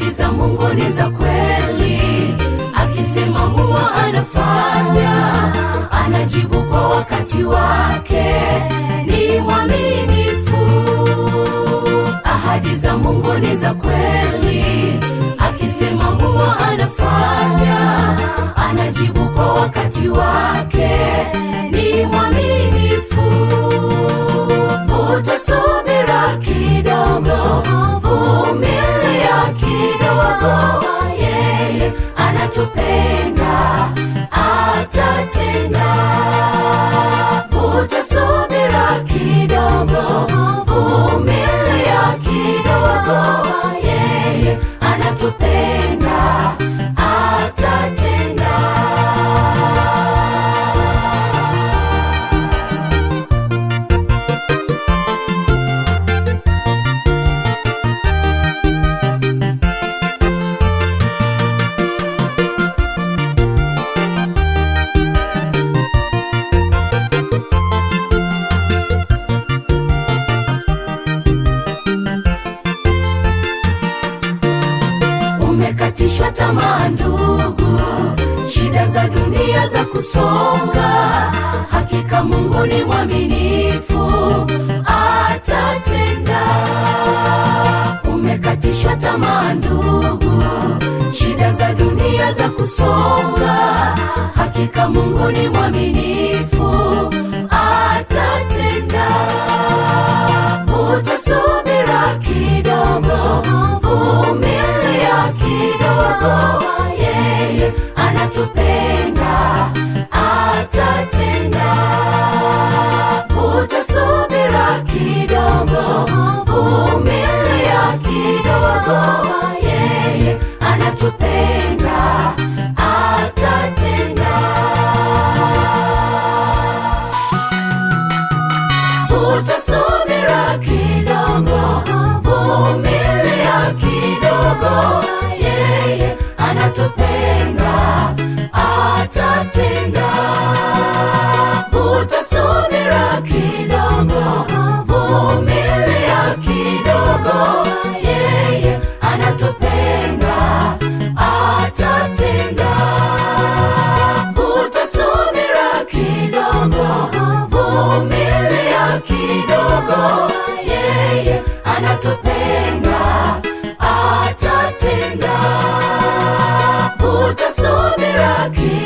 ahadi za Mungu ni za kweli, akisema huwa anafanya, anajibu kwa wakati wake, ni mwaminifu. Ahadi za Mungu ni za kweli, akisema huwa anafanya, anajibu kwa wakati wake, ni mwaminifu. Vuta subira kidogo kutupenda atatenda. Vuta subira kidogo, vumilia kidogo, yeye anatupenda. tamaa ndugu, shida za dunia za kusonga, hakika Mungu ni mwaminifu, atatenda. Umekatishwa tamaa ndugu, shida za dunia za kusonga, hakika Mungu ni mwaminifu kidogo, yeye anatupenda atatenda. Utasubira kidogo, vumilia kidogo, yeye anatupenda atatenda. Utasubira kidogo kuvumilia kidogo, yeye anatupenda atatenda, utasubira